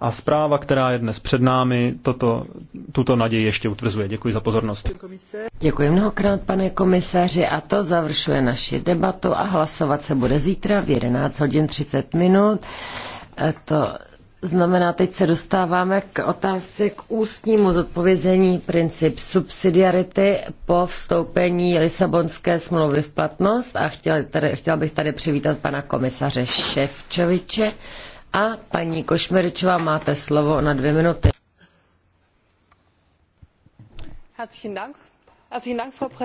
A zpráva, která je dnes před námi, toto, tuto naději ještě utvrzuje. Děkuji za pozornost. Děkuji mnohokrát, pane komisaři, a to završuje naši debatu a hlasovat se bude zítra v 11 hodin 30 minut. E, to znamená, teď se dostáváme k otázce k ústnímu zodpovězení princip subsidiarity po vstoupení Lisabonské smlouvy v platnost a chtěl, tady, chtěl bych tady přivítat pana komisaře Ševčoviče. A paní Košmeričová, máte slovo na dvě minuty.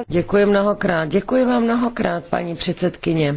Děkuji mnohokrát. Děkuji vám mnohokrát, paní předsedkyně.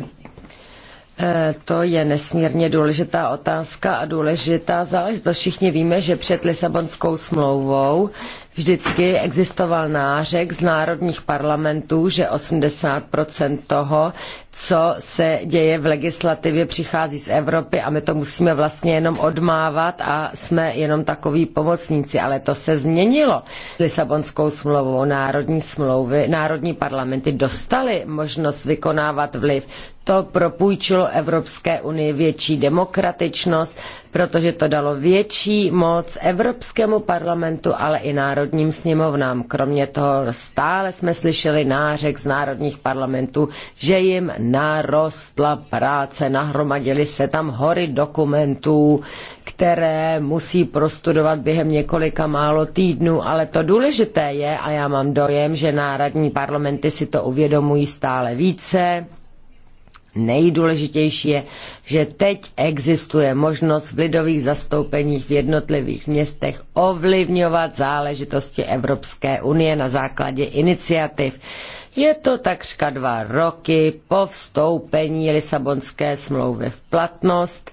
Eh, to je nesmírně důležitá otázka a důležitá záležitost. Všichni víme, že před Lisabonskou smlouvou vždycky existoval nářek z národních parlamentů, že 80% toho, co se děje v legislativě, přichází z Evropy a my to musíme vlastně jenom odmávat a jsme jenom takoví pomocníci. Ale to se změnilo Lisabonskou smlouvou. Národní smlouvy, národní parlamenty dostaly možnost vykonávat vliv to propůjčilo Evropské unii větší demokratičnost, protože to dalo větší moc Evropskému parlamentu, ale i národním sněmovnám. Kromě toho stále jsme slyšeli nářek z národních parlamentů, že jim narostla práce, nahromadili se tam hory dokumentů, které musí prostudovat během několika málo týdnů, ale to důležité je, a já mám dojem, že národní parlamenty si to uvědomují stále více, Nejdůležitější je, že teď existuje možnost v lidových zastoupeních v jednotlivých městech ovlivňovat záležitosti Evropské unie na základě iniciativ. Je to takřka dva roky po vstoupení Lisabonské smlouvy v platnost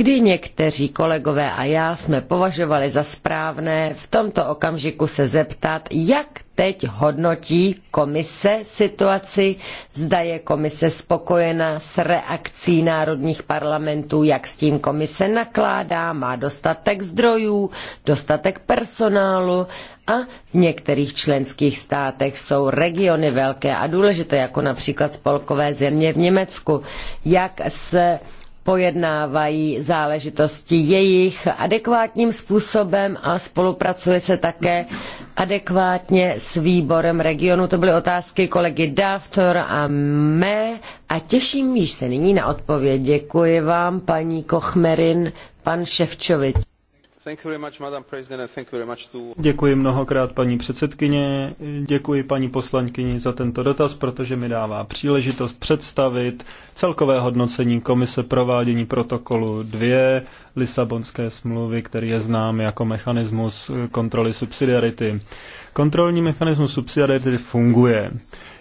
kdy někteří kolegové a já jsme považovali za správné v tomto okamžiku se zeptat, jak teď hodnotí komise situaci, zda je komise spokojena s reakcí národních parlamentů, jak s tím komise nakládá, má dostatek zdrojů, dostatek personálu a v některých členských státech jsou regiony velké a důležité, jako například spolkové země v Německu. Jak se pojednávají záležitosti jejich adekvátním způsobem a spolupracuje se také adekvátně s výborem regionu. To byly otázky kolegy Daftor a mé a těším již se nyní na odpověď. Děkuji vám, paní Kochmerin, pan Ševčovič. Děkuji mnohokrát paní předsedkyně, děkuji paní poslankyni za tento dotaz, protože mi dává příležitost představit celkové hodnocení Komise provádění protokolu 2 Lisabonské smlouvy, který je znám jako mechanismus kontroly subsidiarity. Kontrolní mechanismus subsidiarity funguje.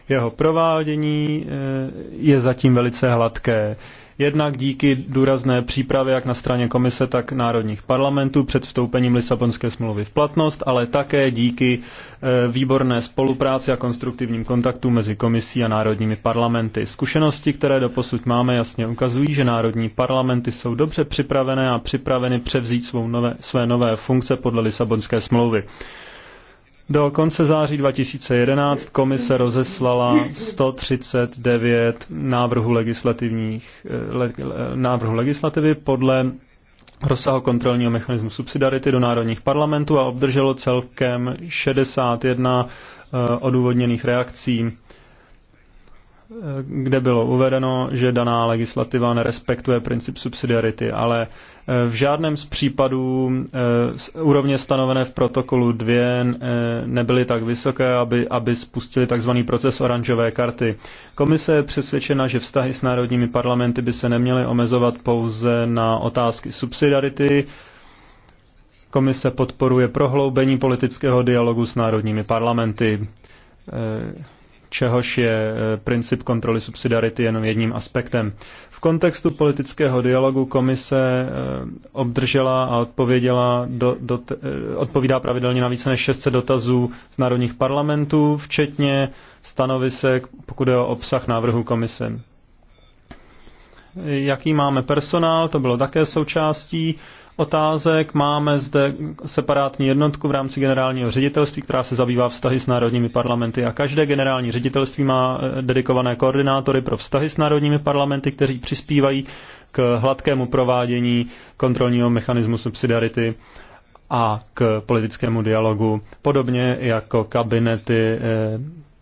Jeho provádění eh, je zatím velice hladké. Jednak díky důrazné přípravě jak na straně komise, tak národních parlamentů před vstoupením Lisabonské smlouvy v platnost, ale také díky e, výborné spolupráci a konstruktivním kontaktům mezi komisí a národními parlamenty. Zkušenosti, které doposud máme, jasně ukazují, že národní parlamenty jsou dobře připravené a připraveny převzít svou nové, své nové funkce podle Lisabonské smlouvy. Do konce září 2011 komise rozeslala 139 návrhů, legislativních, eh, le, návrhu legislativy podle rozsahu kontrolního mechanismu subsidiarity do národních parlamentů a obdrželo celkem 61 eh, odůvodněných reakcí. Eh, kde bylo uvedeno, že daná legislativa nerespektuje princip subsidiarity, ale eh, v žádném z případů eh, úrovně stanovené v protokolu 2 nebyly tak vysoké, aby, aby spustili tzv. proces oranžové karty. Komise je přesvědčena, že vztahy s národními parlamenty by se neměly omezovat pouze na otázky subsidiarity, Komise podporuje prohloubení politického dialogu s národními parlamenty čehož je eh, princip kontroly subsidiarity jenom jedním aspektem. V kontextu politického dialogu komise eh, obdržela a odpověděla do, do, eh, odpovídá pravidelně na více než 600 dotazů z národních parlamentů, včetně stanovisek, pokud je o obsah návrhu komise. Jaký máme personál, to bylo také součástí otázek. Máme zde separátní jednotku v rámci generálního ředitelství, která se zabývá vztahy s národními parlamenty a každé generální ředitelství má eh, dedikované koordinátory pro vztahy s národními parlamenty, kteří přispívají k hladkému provádění kontrolního mechanismu subsidiarity a k politickému dialogu, podobně jako kabinety eh,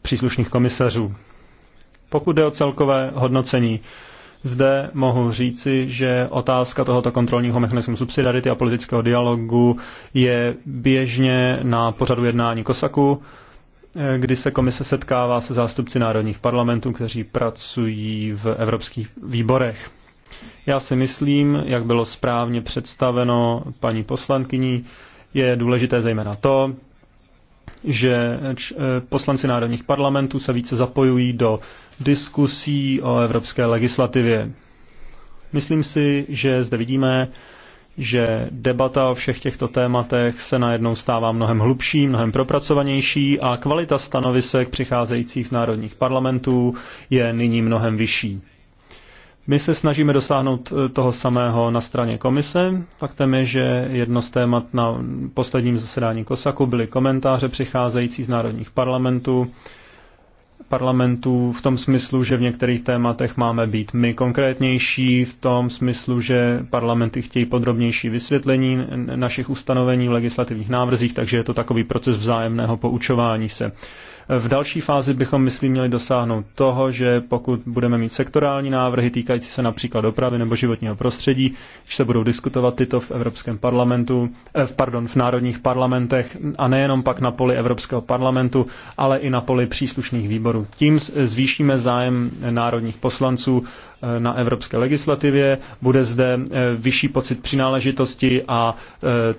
příslušných komisařů. Pokud jde o celkové hodnocení, zde mohu říci, že otázka tohoto kontrolního mechanismu subsidiarity a politického dialogu je běžně na pořadu jednání Kosaku, kdy se komise setkává se zástupci národních parlamentů, kteří pracují v evropských výborech. Já si myslím, jak bylo správně představeno paní poslankyní, je důležité zejména to, že eh, poslanci národních parlamentů se více zapojují do diskusí o evropské legislativě. Myslím si, že zde vidíme, že debata o všech těchto tématech se najednou stává mnohem hlubší, mnohem propracovanější a kvalita stanovisek přicházejících z národních parlamentů je nyní mnohem vyšší. My se snažíme dosáhnout eh, toho samého na straně komise. Faktem je, že jedno z témat na posledním zasedání Kosaku byly komentáře přicházející z národních parlamentů Parlamentu v tom smyslu, že v některých tématech máme být my konkrétnější, v tom smyslu, že parlamenty chtějí podrobnější vysvětlení našich ustanovení v legislativních návrzích, takže je to takový proces vzájemného poučování se. V další fázi bychom, myslím, měli dosáhnout toho, že pokud budeme mít sektorální návrhy týkající se například dopravy nebo životního prostředí, když se budou diskutovat tyto v Evropském parlamentu, eh, pardon, v národních parlamentech a nejenom pak na poli Evropského parlamentu, ale i na poli příslušných výborů. Tím zvýšíme zájem národních poslanců eh, na evropské legislativě, bude zde eh, vyšší pocit přináležitosti a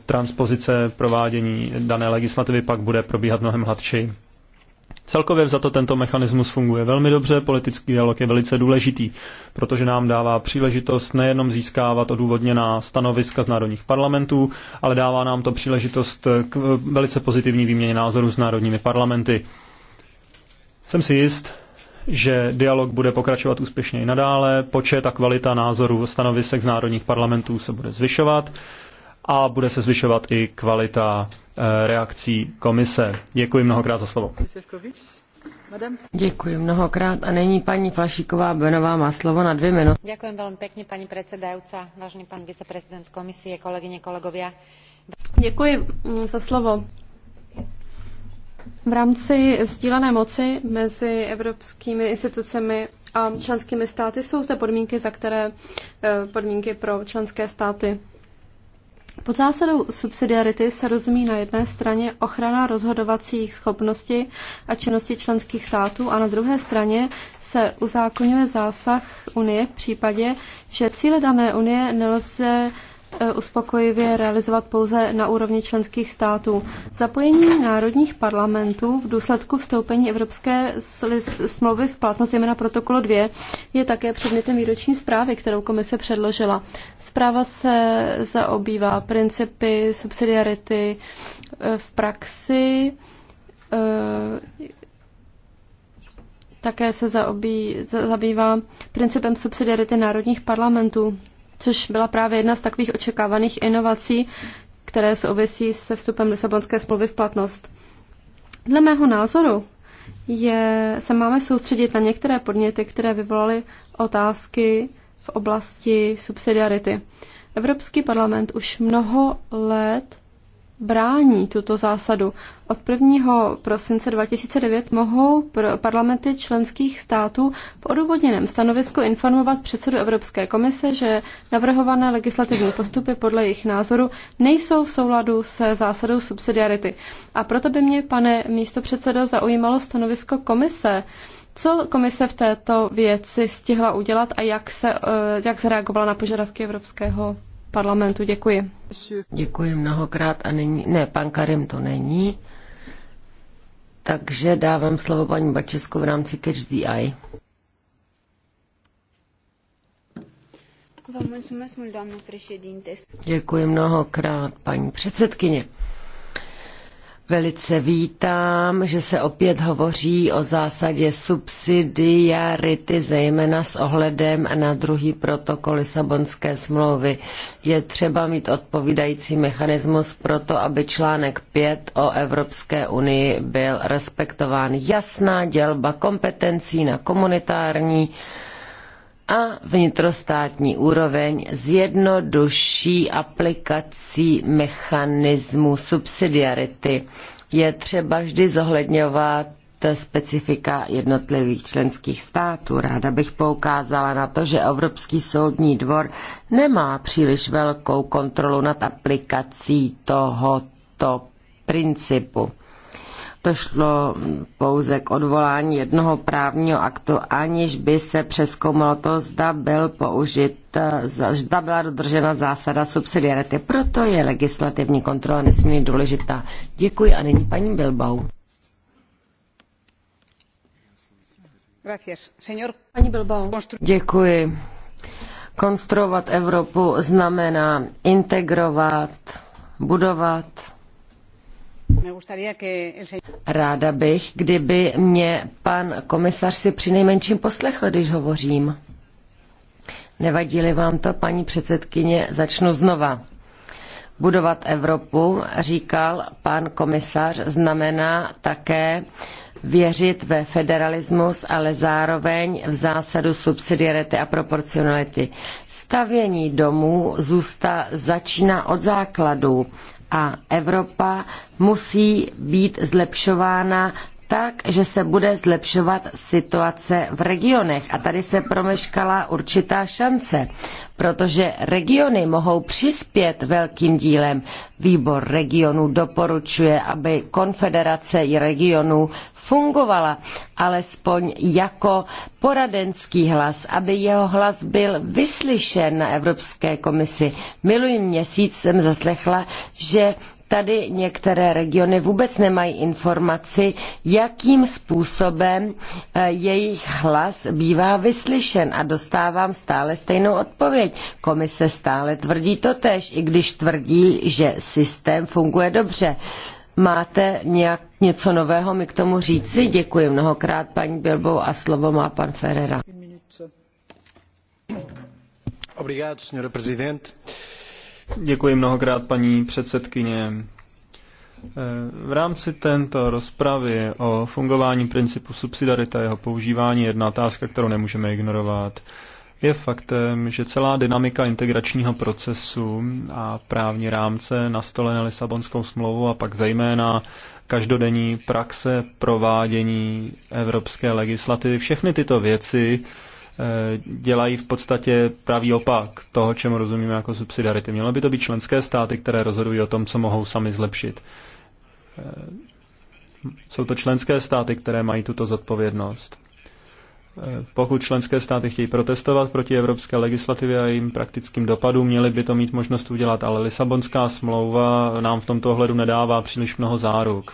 transpozice provádění dané legislativy pak bude probíhat mnohem hladčeji. Celkově za to tento mechanismus funguje velmi dobře, politický dialog je velice důležitý, protože nám dává příležitost nejenom získávat odůvodněná stanoviska z národních parlamentů, ale dává nám to příležitost k velice pozitivní výměně názorů s národními parlamenty. Jsem si jist, že dialog bude pokračovat úspěšně i nadále, počet a kvalita názorů stanovisek z národních parlamentů se bude zvyšovat a bude se zvyšovat i kvalita eh, reakcí komise. Děkuji mnohokrát za slovo. Děkuji mnohokrát a není paní Flašíková Benová má slovo na dvě minuty. Děkuji velmi pěkně paní předsedající, vážný pan viceprezident komisie, kolegyně, kolegovia. Děkuji mm, za slovo. V rámci sdílené moci mezi evropskými institucemi a členskými státy jsou zde podmínky, za které eh, podmínky pro členské státy pod zásadou subsidiarity se rozumí na jedné straně ochrana rozhodovacích schopností a činnosti členských států a na druhé straně se uzákonňuje zásah Unie v případě, že cíle dané Unie nelze Eh, uspokojivě realizovat pouze na úrovni členských států. Zapojení národních parlamentů v důsledku vstoupení Evropské smlouvy v platnost zejména protokolu 2 je také předmětem výroční zprávy, kterou komise předložila. Zpráva se zaobývá principy subsidiarity eh, v praxi, eh, také se zaobí, zabývá principem subsidiarity národních parlamentů což byla právě jedna z takových očekávaných inovací, které souvisí se vstupem Lisabonské smlouvy v platnost. Dle mého názoru je, se máme soustředit na některé podněty, které vyvolaly otázky v oblasti subsidiarity. Evropský parlament už mnoho let brání tuto zásadu. Od 1. prosince 2009 mohou parlamenty členských států v odůvodněném stanovisku informovat předsedu Evropské komise, že navrhované legislativní postupy podle jejich názoru nejsou v souladu se zásadou subsidiarity. A proto by mě, pane místopředsedo, zaujímalo stanovisko komise. Co komise v této věci stihla udělat a jak, se, eh, jak zareagovala na požadavky Evropského parlamentu. Děkuji. Děkuji mnohokrát a není, ne, pan Karim to není. Takže dávám slovo paní Bačesku v rámci Catch the Eye. Děkuji mnohokrát, paní předsedkyně. Velice vítám, že se opět hovoří o zásadě subsidiarity, zejména s ohledem na druhý protokol Lisabonské smlouvy. Je třeba mít odpovídající mechanismus pro to, aby článek 5 o Evropské unii byl respektován. Jasná dělba kompetencí na komunitární a vnitrostátní úroveň s jednodušší aplikací mechanismu subsidiarity. Je třeba vždy zohledňovat specifika jednotlivých členských států. Ráda bych poukázala na to, že Evropský soudní dvor nemá příliš velkou kontrolu nad aplikací tohoto principu. Došlo pouze k odvolání jednoho právního aktu, aniž by se přeskoumalo to, zda byl použit, zda byla dodržena zásada subsidiarity. Proto je legislativní kontrola nesmírně důležitá. Děkuji a nyní paní Bilbao. Paní Bilbao. Děkuji. Konstruovat Evropu znamená integrovat, budovat Ráda bych, kdyby mě pan komisař si přinejmenším poslechl, když hovořím. Nevadí-li vám to, paní předsedkyně, začnu znova. Budovat Evropu, říkal pan komisař, znamená také věřit ve federalismus, ale zároveň v zásadu subsidiarity a proporcionality. Stavění domů zůsta, začíná od základů a Evropa musí být zlepšována tak, že se bude zlepšovat situace v regionech. A tady se promeškala určitá šance, protože regiony mohou přispět velkým dílem. Výbor regionů doporučuje, aby konfederace i regionů fungovala alespoň jako poradenský hlas, aby jeho hlas byl vyslyšen na Evropské komisi. Minulý měsíc jsem zaslechla, že Tady některé regiony vůbec nemají informaci, jakým způsobem eh, jejich hlas bývá vyslyšen a dostávám stále stejnou odpověď. Komise stále tvrdí to tež, i když tvrdí, že systém funguje dobře. Máte nějak něco nového mi k tomu říci? Děkuji mnohokrát paní Bilbou a slovo má pan Ferrera. Obrigado, senhora Presidente. Děkuji mnohokrát, paní předsedkyně. V rámci této rozpravy o fungování principu subsidiarity a jeho používání jedna otázka, kterou nemůžeme ignorovat. Je faktem, že celá dynamika integračního procesu a právní rámce nastolené Lisabonskou smlouvou a pak zejména každodenní praxe provádění evropské legislativy, všechny tyto věci Eh, dělají v podstatě pravý opak toho, čemu rozumíme jako subsidiarity. Mělo by to být členské státy, které rozhodují o tom, co mohou sami zlepšit. Eh, jsou to členské státy, které mají tuto zodpovědnost. Eh, pokud členské státy chtějí protestovat proti evropské legislativě a jejím praktickým dopadům, měli by to mít možnost udělat, ale Lisabonská smlouva nám v tomto ohledu nedává příliš mnoho záruk.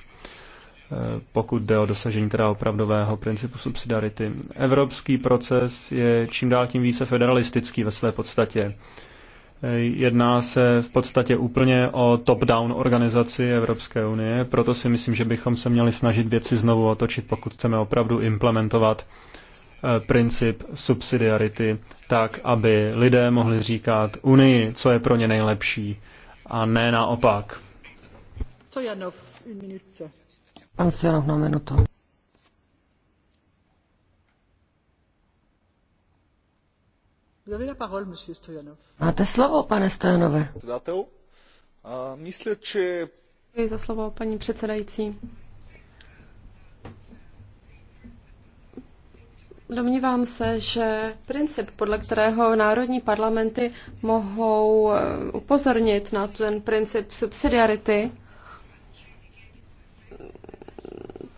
Eh, pokud jde o dosažení teda opravdového principu subsidiarity. Evropský proces je čím dál tím více federalistický ve své podstatě. Eh, jedná se v podstatě úplně o top-down organizaci Evropské unie, proto si myslím, že bychom se měli snažit věci znovu otočit, pokud chceme opravdu implementovat eh, princip subsidiarity tak, aby lidé mohli říkat Unii, co je pro ně nejlepší, a ne naopak. To Janov, minuta. Pan na minutu. Máte slovo, pane Stojanové. Myslím, že... Děkuji za slovo, paní předsedající. Domnívám se, že princip, podle kterého národní parlamenty mohou eh, upozornit na ten princip subsidiarity,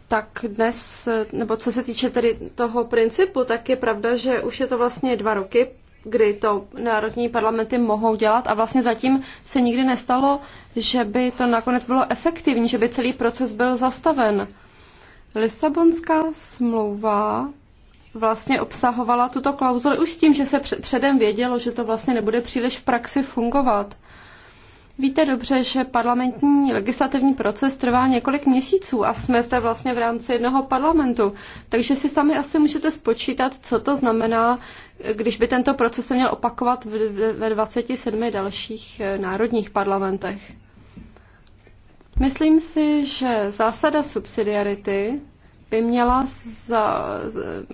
tak dnes, nebo co se týče tedy toho principu, tak je pravda, že už je to vlastně dva roky, kdy to národní parlamenty mohou dělat a vlastně zatím se nikdy nestalo, že by to nakonec bylo efektivní, že by celý proces byl zastaven. Lisabonská smlouva vlastně obsahovala tuto klauzuli už s tím, že se předem vědělo, že to vlastně nebude příliš v praxi fungovat. Víte dobře, že parlamentní legislativní proces trvá několik měsíců a jsme zde vlastně v rámci jednoho parlamentu. Takže si sami asi můžete spočítat, co to znamená, když by tento proces se měl opakovat ve 27 dalších eh, národních parlamentech. Myslím si, že zásada subsidiarity by měla za,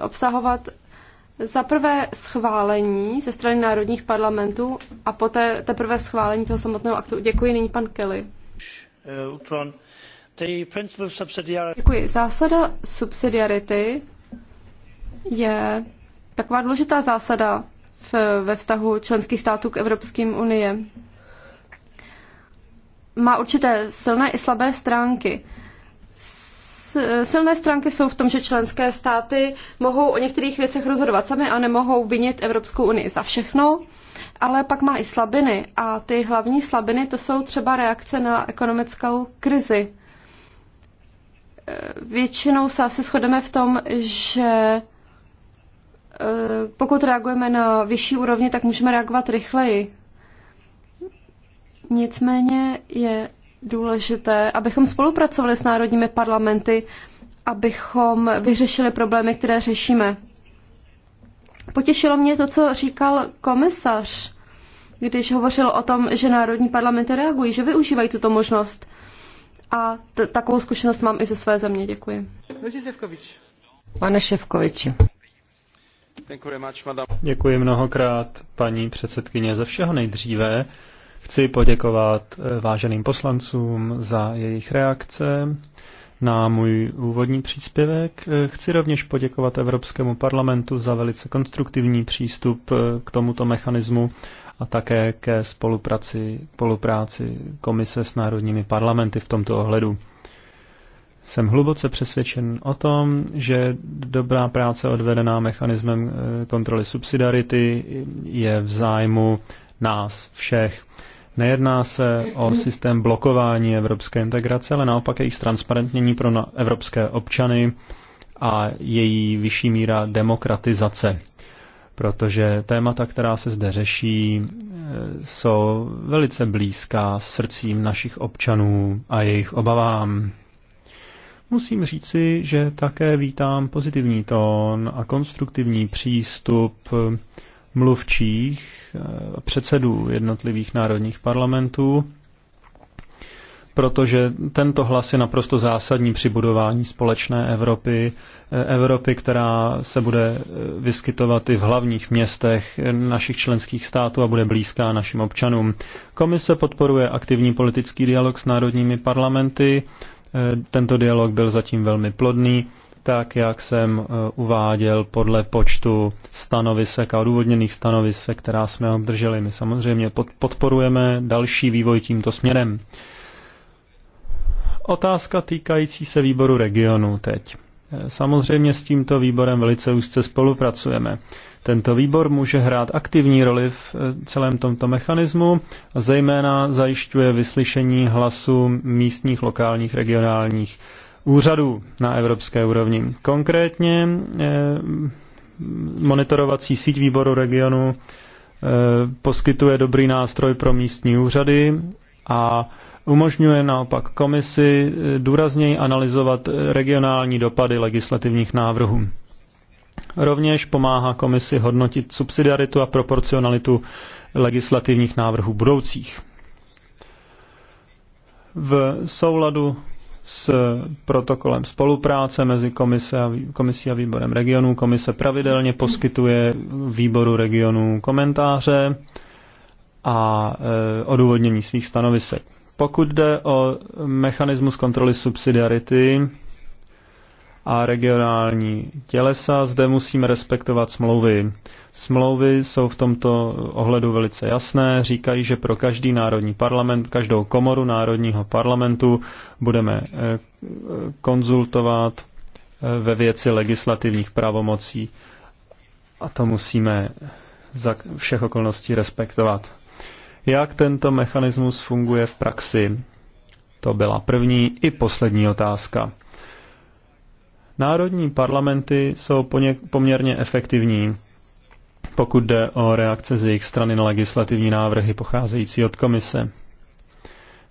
obsahovat za prvé schválení ze strany národních parlamentů a poté teprve schválení toho samotného aktu. Děkuji nyní pan Kelly. Děkuji. Zásada subsidiarity je taková důležitá zásada v, ve vztahu členských států k Evropským unii. Má určité silné i slabé stránky silné stránky jsou v tom, že členské státy mohou o některých věcech rozhodovat sami a nemohou vinit Evropskou unii za všechno, ale pak má i slabiny a ty hlavní slabiny to jsou třeba reakce na ekonomickou krizi. E, většinou se asi shodeme v tom, že e, pokud reagujeme na vyšší úrovni, tak můžeme reagovat rychleji. Nicméně je důležité, abychom spolupracovali s národními parlamenty, abychom vyřešili problémy, které řešíme. Potěšilo mě to, co říkal komisař, když hovořil o tom, že národní parlamenty reagují, že využívají tuto možnost. A takovou zkušenost mám i ze své země. Děkuji. Pane Ševkoviči. Děkuji mnohokrát, paní předsedkyně, za všeho nejdříve. Chci poděkovat eh, váženým poslancům za jejich reakce na můj úvodní příspěvek. Eh, chci rovněž poděkovat Evropskému parlamentu za velice konstruktivní přístup eh, k tomuto mechanismu a také ke spolupráci, spolupráci komise s národními parlamenty v tomto ohledu. Jsem hluboce přesvědčen o tom, že dobrá práce odvedená mechanismem kontroly subsidiarity je v zájmu nás všech. Nejedná se o systém blokování evropské integrace, ale naopak jejich transparentnění pro evropské občany a její vyšší míra demokratizace. Protože témata, která se zde řeší, e, jsou velice blízká srdcím našich občanů a jejich obavám. Musím říci, že také vítám pozitivní tón a konstruktivní přístup mluvčích, eh, předsedů jednotlivých národních parlamentů, protože tento hlas je naprosto zásadní při budování společné Evropy, eh, Evropy, která se bude eh, vyskytovat i v hlavních městech našich členských států a bude blízká našim občanům. Komise podporuje aktivní politický dialog s národními parlamenty. Tento dialog byl zatím velmi plodný tak jak jsem eh, uváděl podle počtu stanovisek a odůvodněných stanovisek, která jsme obdrželi. My samozřejmě podporujeme další vývoj tímto směrem. Otázka týkající se výboru regionu teď. Eh, samozřejmě s tímto výborem velice úzce spolupracujeme. Tento výbor může hrát aktivní roli v eh, celém tomto mechanismu, zejména zajišťuje vyslyšení hlasu místních, lokálních, regionálních úřadů na evropské úrovni. Konkrétně eh, monitorovací síť výboru regionu eh, poskytuje dobrý nástroj pro místní úřady a umožňuje naopak komisi eh, důrazněji analyzovat regionální dopady legislativních návrhů. Rovněž pomáhá komisi hodnotit subsidiaritu a proporcionalitu legislativních návrhů budoucích. V souladu s protokolem spolupráce mezi komise a, komisí a výborem regionů. Komise pravidelně poskytuje výboru regionů komentáře a e, odůvodnění svých stanovisek. Pokud jde o mechanismus kontroly subsidiarity, a regionální tělesa. Zde musíme respektovat smlouvy. Smlouvy jsou v tomto ohledu velice jasné. Říkají, že pro každý národní parlament, každou komoru národního parlamentu budeme eh, konzultovat eh, ve věci legislativních pravomocí. A to musíme za všech okolností respektovat. Jak tento mechanismus funguje v praxi? To byla první i poslední otázka. Národní parlamenty jsou poměrně efektivní, pokud jde o reakce z jejich strany na legislativní návrhy pocházející od komise.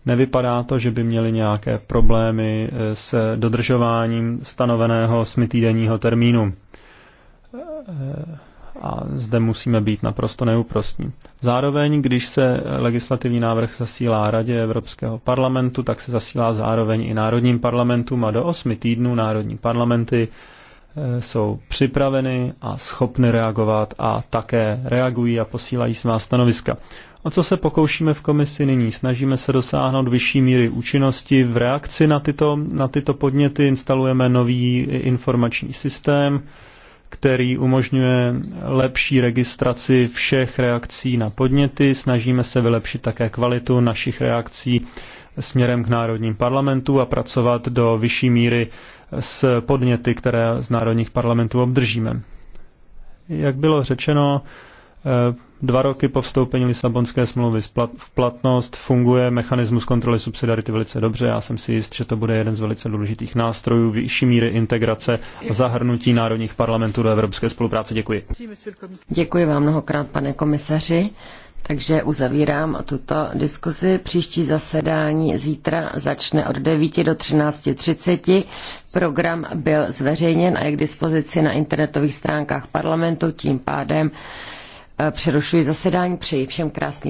Nevypadá to, že by měli nějaké problémy eh, s dodržováním stanoveného smytýdenního termínu eh, a zde musíme být naprosto neúprostní. Zároveň, když se legislativní návrh zasílá Radě Evropského parlamentu, tak se zasílá zároveň i národním parlamentům a do osmi týdnů národní parlamenty eh, jsou připraveny a schopny reagovat a také reagují a posílají svá stanoviska. O co se pokoušíme v komisi nyní? Snažíme se dosáhnout vyšší míry účinnosti. V reakci na tyto, na tyto podněty instalujeme nový informační systém, který umožňuje lepší registraci všech reakcí na podněty. Snažíme se vylepšit také kvalitu našich reakcí směrem k národním parlamentu a pracovat do vyšší míry s podněty, které z národních parlamentů obdržíme. Jak bylo řečeno, Eh, dva roky po vstoupení Lisabonské smlouvy v platnost funguje mechanismus kontroly subsidiarity velice dobře. Já jsem si jist, že to bude jeden z velice důležitých nástrojů vyšší míry integrace a zahrnutí národních parlamentů do evropské spolupráce. Děkuji. Děkuji vám mnohokrát, pane komisaři. Takže uzavírám tuto diskuzi. Příští zasedání zítra začne od 9 do 13.30. Program byl zveřejněn a je k dispozici na internetových stránkách parlamentu. Tím pádem Přerušuji zasedání, přeji všem krásný